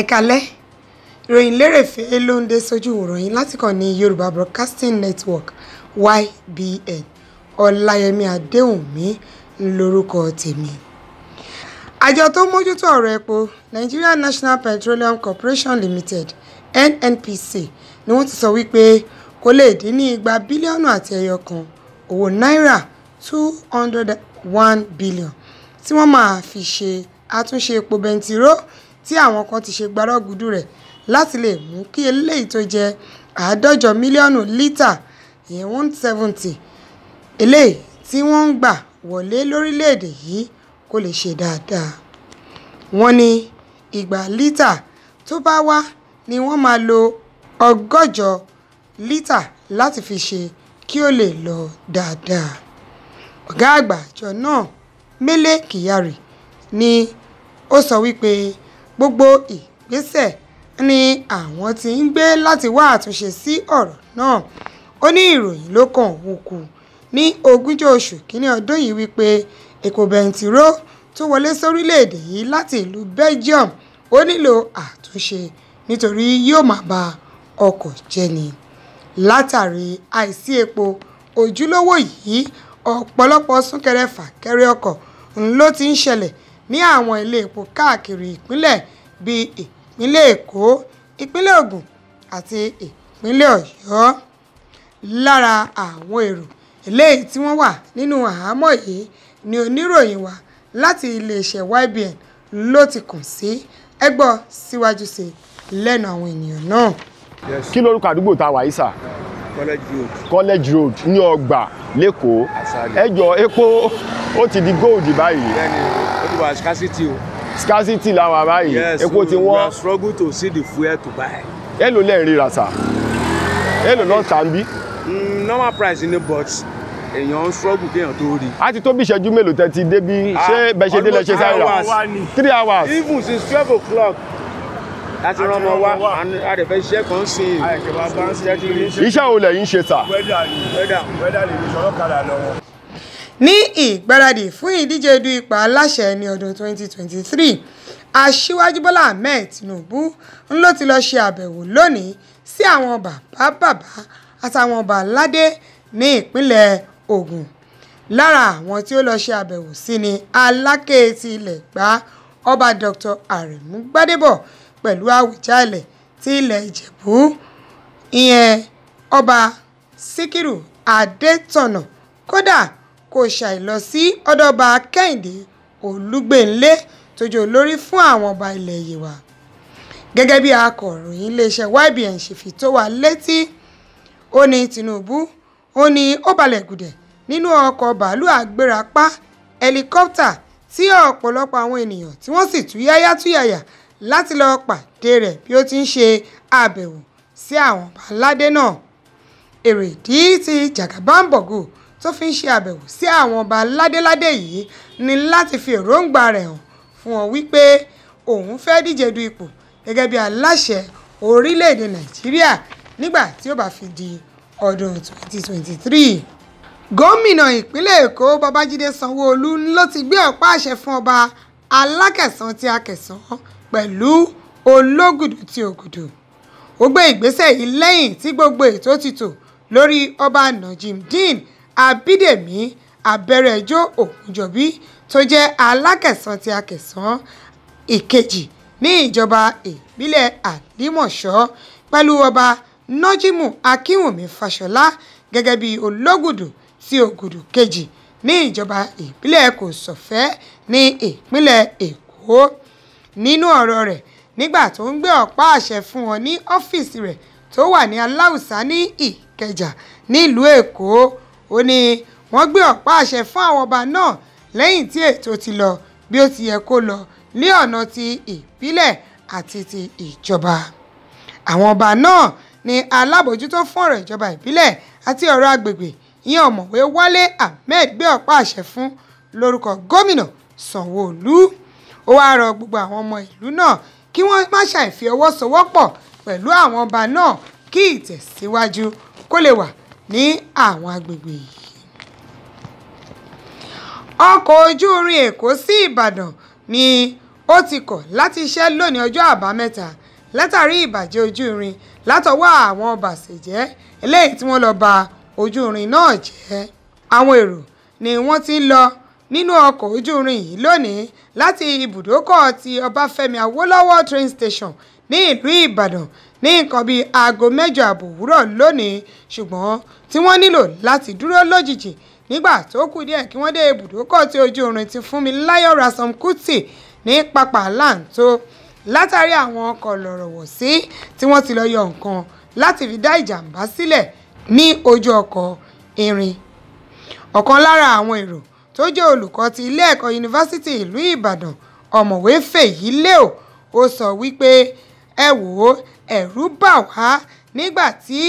ẹ kalẹ́ ìròyìn lérèfé ló ń dé sójú ìwòrán yín láti kàn ní Yorùbá Broadcasting Network YBN Ọláyẹmí Adéwùnmí lórúkọ tèmi àjọ tó mójútó ọ̀rọ̀ epo Nigeria National Petroleum Corporation Limited NNPC ni wọ́n ti sọ wípé kò lè dín ní igba bílíọ̀nù àti ẹyọ kan owó náírà two hundred one billion tí wọ́n máa fi ṣe àtúnṣe epo bẹntiró tí àwọn kan ti ṣe gbárọ́gùdù rẹ̀ láti lè mú kí eléyìí tó jẹ́ àádọ́jọ mílíọ̀nù lítà ìyẹn one seventy eléyìí tí wọ́n ń gbà wọlé lórílẹ̀‐èdè yìí kó lè ṣe dáadáa. wọ́n ní ìgbà lítà tó bá wà ni wọ́n máa lo ọgọ́jọ lítà láti fi ṣe kí ó lè lọ dáadáa. ọ̀gá àgbà àjọ náà Mele Kyari ni ó sọ wípé gbogbo ìgbésẹ̀ ni àwọn ti ń gbé láti wá àtúnṣe sí ọ̀rọ̀ náà ó ní ìròyìn ló kan òun kù ní ogúnjọ́ oṣù kínní ọdún yìí wípé epo bẹntiró tó wọlé sórílẹ̀-èdè yìí láti ìlú belgium ó nílò àtúnṣe nítorí yóò máa ba ọkọ̀ jẹ́ ni látàrí àìsí epo ojúlówó yìí ọ̀pọ̀lọpọ̀ súnkẹrẹ fàkẹrẹ ọkọ̀ ló ti ń ṣẹlẹ̀ ní àwọn ilé epo káàkiri ìpínlẹ̀ bíi ìpínlẹ̀ èkó ìpínlẹ̀ ògùn àti ìpínlẹ̀ ọ̀yọ́ lára àwọn èrò eléyìí tí wọ́n wà nínú àhámọ́ yìí ni oníròyìn wa láti iléeṣẹ́ YBN ló ti kàn sí ẹ gbọ́ síwájú sí lẹ́nu àwọn ènìyàn náà. kí lorúkọ àdúgbò tá a wà yìí sà. college road. college road ní ọgbà lẹ́kọ̀ọ́ ẹjọ́ epo ó ti di gold báyìí ó scarcity o. scarcity la ará yìí yes so we are struggling to see the fuel to buy. Hello, lẹ́ẹ̀ ríra sà èlò náà tà ń bí. Mm, normal price ni but èèyàn ń struggle kéèyàn tó rí. a ti tó bí ìṣẹ́jú mélòó tẹ́ ti dé bí ah, ṣé bẹ́ẹ̀ ṣe ṣe sáré rà three hours. even since twelve o'clock láti rán ọmọ wa a lè fẹ́ iṣẹ́ kan sí i. iṣẹ́ wo lẹ́yìn ṣe sà. wẹ́dà ni wẹ́dà lè ní sọ́lọ́kadà lọ́wọ́ ní ìgbáradì fún ìdíje du ipò aláṣẹ ní ọdún 2023 aṣíwájú bọ́lá ahmed tinubu ń ló ti lọ ṣe àbẹ̀wò lónìí sí àwọn bàbá bàbá àtàwọn ọba aládé ní ìpínlẹ̀ ògùn lára àwọn tí ó lọ ṣe àbẹ̀wò sí ni aláké ti ilẹ̀ gbá ọba dr aremu gbádébọ̀ pẹ̀lú àwùjalè ti ilẹ̀ ìjẹ̀bú ìyẹn ọba síkírù adétọ̀nà kódà kò ṣàì lọ sí ọ̀dọ̀ọba kẹ́hìndé olùgbẹ̀nlé tó jẹ́ olórí fún àwọn ọba ilẹ̀ yewa gẹ́gẹ́ bí akọ̀ròyìn iléeṣẹ́ ybn ṣe fi tó wa létí ó ní tinubu ó ní ó balẹ̀ gùdẹ̀ nínú ọkọ̀ bàálù àgbérapá hẹlikọ́pítà tí ọ̀pọ̀lọpọ̀ àwọn ènìyàn tí wọ́n sì túyáyá túyàyà láti lọ pàdé rẹ̀ bí ó ti ń ṣe àbẹ̀wò sí àwọn ọba aládé náà èrèdí ti jàgàbáǹbọ̀gò tó fi ń ṣe àbẹ̀wò sí àwọn ọba ládéládé yìí ni láti fi èròǹgbà rẹ̀ hàn fún wọn wípé òun fẹ́ díje du ipò gẹ́gẹ́ bí aláṣẹ orílẹ̀-èdè nàìjíríà nígbà tí ó bá fi di ọdún 2023 gómìnà ìpínlẹ̀ èkó babájídé sanwó-olú ló ti gbé ọ̀pá àṣẹ fún ọba alákẹ̀sán ti akẹ̀sán pẹ̀lú ológùdù ti ògùdù ó gbé ìgbésẹ̀ yìí lẹ́yìn tí gbogbo ètò ti tò lórí ọba najimdeen abídèmí abẹ́rẹ́jọ́ ògúnjọ́bí tó jẹ́ alákẹ̀sán ti akẹ̀sán ìkejì ní ìjọba ìbílẹ̀ àlímọ̀ṣọ́ pẹ̀lú ọba nọ́jímù akínwùmí fàṣọlá gẹ́gẹ́ bí ológùdù sí ògùdù kejì ní ìjọba ìbílẹ̀ kòsọ̀fẹ́ ní ìpínlẹ̀ èkó nínú ọ̀rọ̀ rẹ̀ nígbà tó ń gbé ọ̀pá àṣẹ fún wọn ní ọ́fíìsì rẹ̀ tó wà ní aláùsá ní ìkẹjà nílùú èkó ó ní wọ́n gbé ọ̀pá àṣẹ fún àwọn ọba náà lẹ́yìn tí ètò ti lọ bí ó ti yẹ kó lọ ní ọ̀nà ti ìbílẹ̀ àti ti ìjọba àwọn ọba náà ni alábòjútó fún ọ̀rọ̀ ìjọba ìbílẹ̀ àti ọ̀rọ̀ agbègbè ìyẹn ọ̀mọ̀wé wálé ahmed gbé ọ̀pá àṣẹ fún lórúkọ gómìnà sanwó ó wáá rọ gbogbo àwọn ọmọ ìlú náà kí wọ́n má ṣàìfi ọwọ́ sowọ́pọ̀ pẹ̀lú àwọn ọba náà kí ìtẹ̀síwájú kó lè wà ní àwọn agbègbè yìí. ọkọ̀ ojú irin èkó sí ìbàdàn ni ó ti kọ̀ láti iṣẹ́ lónìí ọjọ́ àbámẹ́ta látàrí ìbàjẹ́ ojú irin látọwọ́ àwọn bàṣẹ̀jẹ́ eléyìí tí wọ́n lọ ba ojú irin náà jẹ́. àwọn èrò ni wọ́n ti ń lọ nínú ọkọ̀ ojú irin yìí lónìí láti ibùdókọ̀ ti ọbáfẹ́mi awólọ́wọ̀ train station ní ìlú ìbàdàn ní nǹkan bíi aago mẹ́jọ ààbò òwúrọ̀ lónìí ṣùgbọ́n tí wọ́n nílò láti dúró lójijì nígbà tó kù díẹ̀ kí wọ́n dé ibùdókọ̀ tí ojú irin ti Fúnmiláyọ̀ Ransome Kuti ní pápá láǹtó látàrí àwọn ọkọ̀ lọ̀rọ̀wọ̀ sí tí wọ́n ti lọ yọ nǹkan láti fi dá ìjàmbá sílẹ̀ ní ojú ọkọ̀ irin ọ̀kan lára àwọn èrò tó jẹ́ olùkọ́ ti ilé ẹ̀kọ́ yunifásítì ìlú Ìbàdàn ọ̀mọ̀wé Fèyí Léò ó sọ wípé ẹ wò ó ẹ̀rù bà wá nígbà tí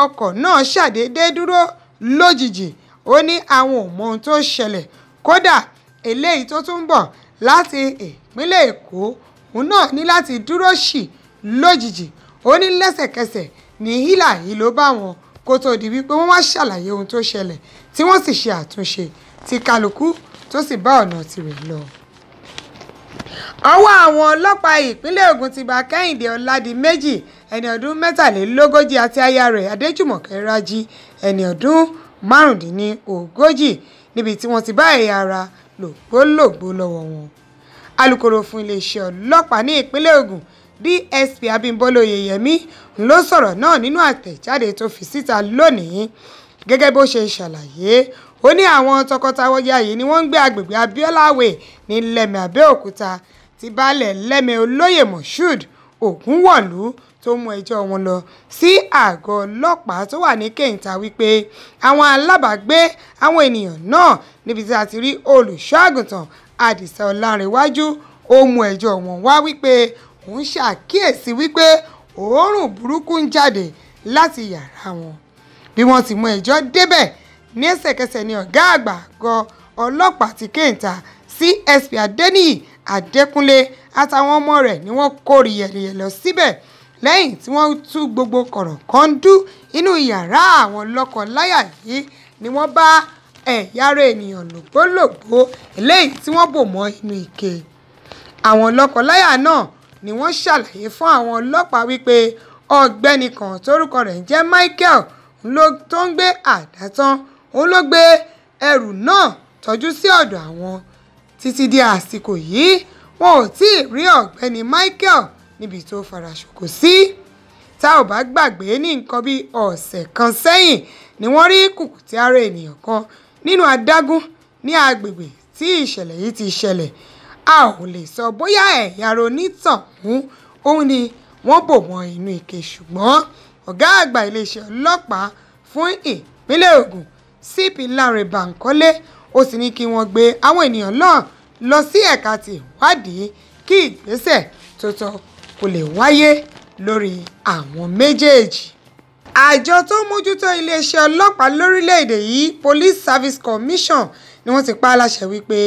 ọkọ̀ náà ṣàdédé dúró lójijì ó ní àwọn ò mọ ohun tó ṣẹlẹ̀ kódà eléyìí tó tún ń bọ̀ láti ìpínlẹ̀ èkó òun náà ní láti dúró ṣì lójijì ó ní lẹ́sẹ̀kẹsẹ̀ ní hílàhí ló bá wọn kó tó di wípé wọ́n wá ṣàlàyé ohun tó ṣẹlẹ̀ tí wọ́n sì ṣe àtúnṣe tí kálukú tó sì bá ọ̀nà tirẹ̀ lọ ọwọ́ àwọn ọlọ́pàá ìpínlẹ̀ Ògùn ti bá Kẹ́hìndé Ọládìméjì ẹni ọdún mẹ́tàlélógójì àti aya rẹ̀ Adéjùmọ̀kẹ́ Rájí ẹni ọdún márùndínlógójì níbi tí wọ́n ti bá ẹ̀yà ara lògbólògbó lọ́wọ́ wọn alukoro fún iléeṣẹ́ ọlọ́pàá ní ìpínlẹ̀ Ògùn DSP Abímbọ́lá Oyèyẹmí ló sọ̀rọ̀ náà nínú àtẹ̀jáde tó fi síta lónìí gẹ́gẹ́ bó ṣe ṣàlàyé ó ní àwọn tọkọtaya yìí ni wọ́n ń gbé agbègbè Abiola Way ní Lẹ́mẹ̀ Abẹ́òkúta tí baálẹ̀ Lẹ́mẹ̀ olóyè Moshood Ògúnwọ̀lú tó mú ẹjọ́ wọn lọ sí àgọ́ ọlọ́pàá tó wà ní Kéńtà wípé àwọn alábàágbé àwọn ènìyàn náà níbi tí a ti rí olùṣọ́ àgùntàn Àdìsá Ọlárẹ̀wájú ó mú ẹjọ́ wọn wá wípé òun ṣàkíyèsí wípé òórùn burúkú ń jáde láti yàrá wọn bí wọ́n ti mú ẹjọ́ débẹ̀ ní ẹsẹ̀kẹsẹ̀ ni ọ̀gá àgbà gọ ọlọ́pàá ti kéńtà CSP Adeniyi Adékúnlé àtàwọn ọmọ rẹ̀ ni wọ́n kórè yẹ̀lẹ̀yẹ̀ lọ síbẹ̀ lẹ́yìn tí wọ́n tú gbogbo kọ̀rọ̀kọ́ndú inú yàrá àwọn lọ́kọ-láyà yìí ni wọ́n bá ẹ̀yà ara ènìyàn lògbólògbó eléyìí tí wọ́n bò mọ́ inú ike àwọn lọ́kọ náà ni wọ́n ṣàlàyé fún àwọn ọlọ́pàá wípé ọ̀gbẹ́ni kan tórúkọ rẹ̀ ń jẹ́ Michael ló tó ń gbé àdá tán òun ló gbé ẹrù náà tọ́jú sí ọ̀dọ̀ àwọn títí di àsìkò yìí wọn ò tí ì rí ọ̀gbẹ́ni Michael níbi tó fara ṣoko sí tá ò bá gbàgbé ní nǹkan bíi ọ̀sẹ̀ kan sẹ́yìn ni wọ́n rí kùkùté ara ènìyàn kan nínú adágún ní agbègbè tí ìṣẹ̀lẹ̀ yìí ti ṣẹlẹ̀ a ò lè sọ bóyá ẹ̀yà ara onítọ̀hún òun ni wọ́n bò wọ́n inú ike ṣùgbọ́n ọ̀gá àgbà iléeṣẹ́ ọlọ́pàá fún ìpínlẹ̀ Ògùn CP Lánrẹ Bankole ó sì ní kí wọ́n gbé àwọn ènìyàn náà lọ sí ẹ̀ka ti ìwádìí kí ìgbésẹ̀ tó tọ́ kó lè wáyé lórí àwọn méjèèjì. àjọ tó ń mójútó iléeṣẹ́ ọlọ́pàá lórílẹ̀‐èdè yìí Police Service Commission ni wọ́n ti pa á láṣẹ wípé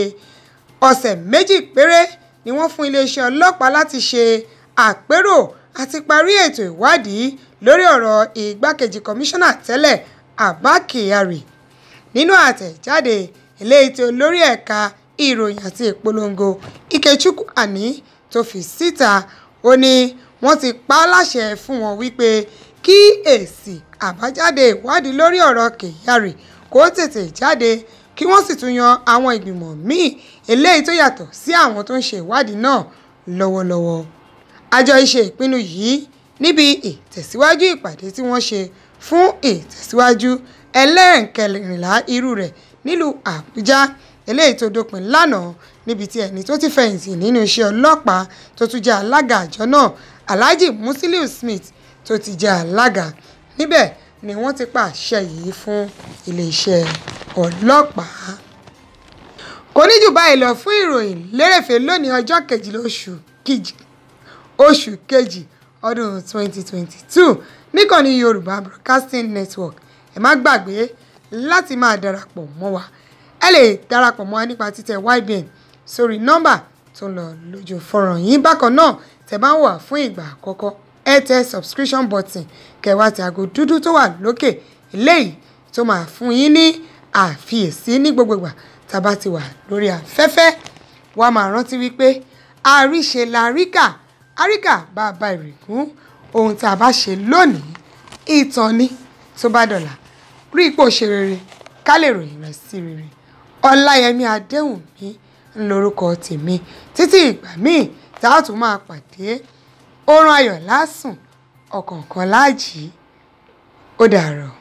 ọ̀sẹ̀ méjì péré ni wọ́n fún iléeṣẹ́ ọlọ́pàá láti ṣe àpérò àti parí ètò ìwádìí lórí ọ̀rọ̀ igbákejì kọmíṣánná tẹ́lẹ̀ Abba Kyari nínú àtẹ̀jáde eléyìí tí olórí ẹ̀ka ìròyìn àti ìpolongo Ikechukwu Ani tó fi síta ó ní wọ́n ti pa á láṣẹ fún wọn wípé kí èsì àbájáde ìwádìí lórí ọ̀rọ̀ Kyari kó tètè jáde kí wọ́n sì tún yan àwọn ìgbìmọ̀ míì eléyìí tó yàtọ̀ sí àwọn tó ń ṣe ìwádìí náà lọ́wọ́lọ́wọ́ àjọ ìṣe ìpinnu yìí níbi ìtẹ̀síwájú ìpàdé tí wọ́n ṣe fún ìtẹ̀síwájú ẹlẹ́ẹ̀kẹrìnlá irú rẹ̀ nílùú àbújá eléyìí tó dópin lánàá níbi tí ẹni tó ti fẹ̀yìntì nínú iṣẹ́ ọlọ́pàá tó tún jẹ́ alága àjọ náà alhaji musiliu smith tó ti jẹ́ alága níbẹ̀ ni wọ́n ti pàṣẹ yìí fún iléeṣẹ́ ọlọ́pàá kò ní jù báyìí lọ fún ìròyìn lérèfé lónìí ọjọ́ kejìlá oṣù kejì oṣù kejì ọdún 2022 níkànnì yorùbá broadcasting network ẹ má gbàgbé láti máa darapọ̀ mọ́ wa ẹ lè darapọ̀ mọ́ wa nípa títẹ̀ YBN sórí nọ́mbà tó lọ lójú fọ́nrán yìí bákan náà tẹ́ bá ń wà fún ìgbà àkọ́kọ́ ẹ subscription button kẹwàá tí aago dúdú tó wà lókè eléyìí tó máa fún yín ní àfiyèsí ní gbogbo tá a bá ti wà lórí afẹ́fẹ́ wa máa rántí wípé àríṣe la ríkà àríkà bá a bá ìrìkún ohun tá a bá ṣe lónìí ìtàn ni tó bá dọ̀la rí ipò ṣe rere ká lè ròyìn rẹ̀ sí rere ọláyẹmí adéhùn mi ń lorúkọ tèmi títí ìgbà míì tá a tún máa pàdé oorun ayọ̀ lásùn ọ̀kọ̀ọ̀kan láàjì ó dàárọ̀.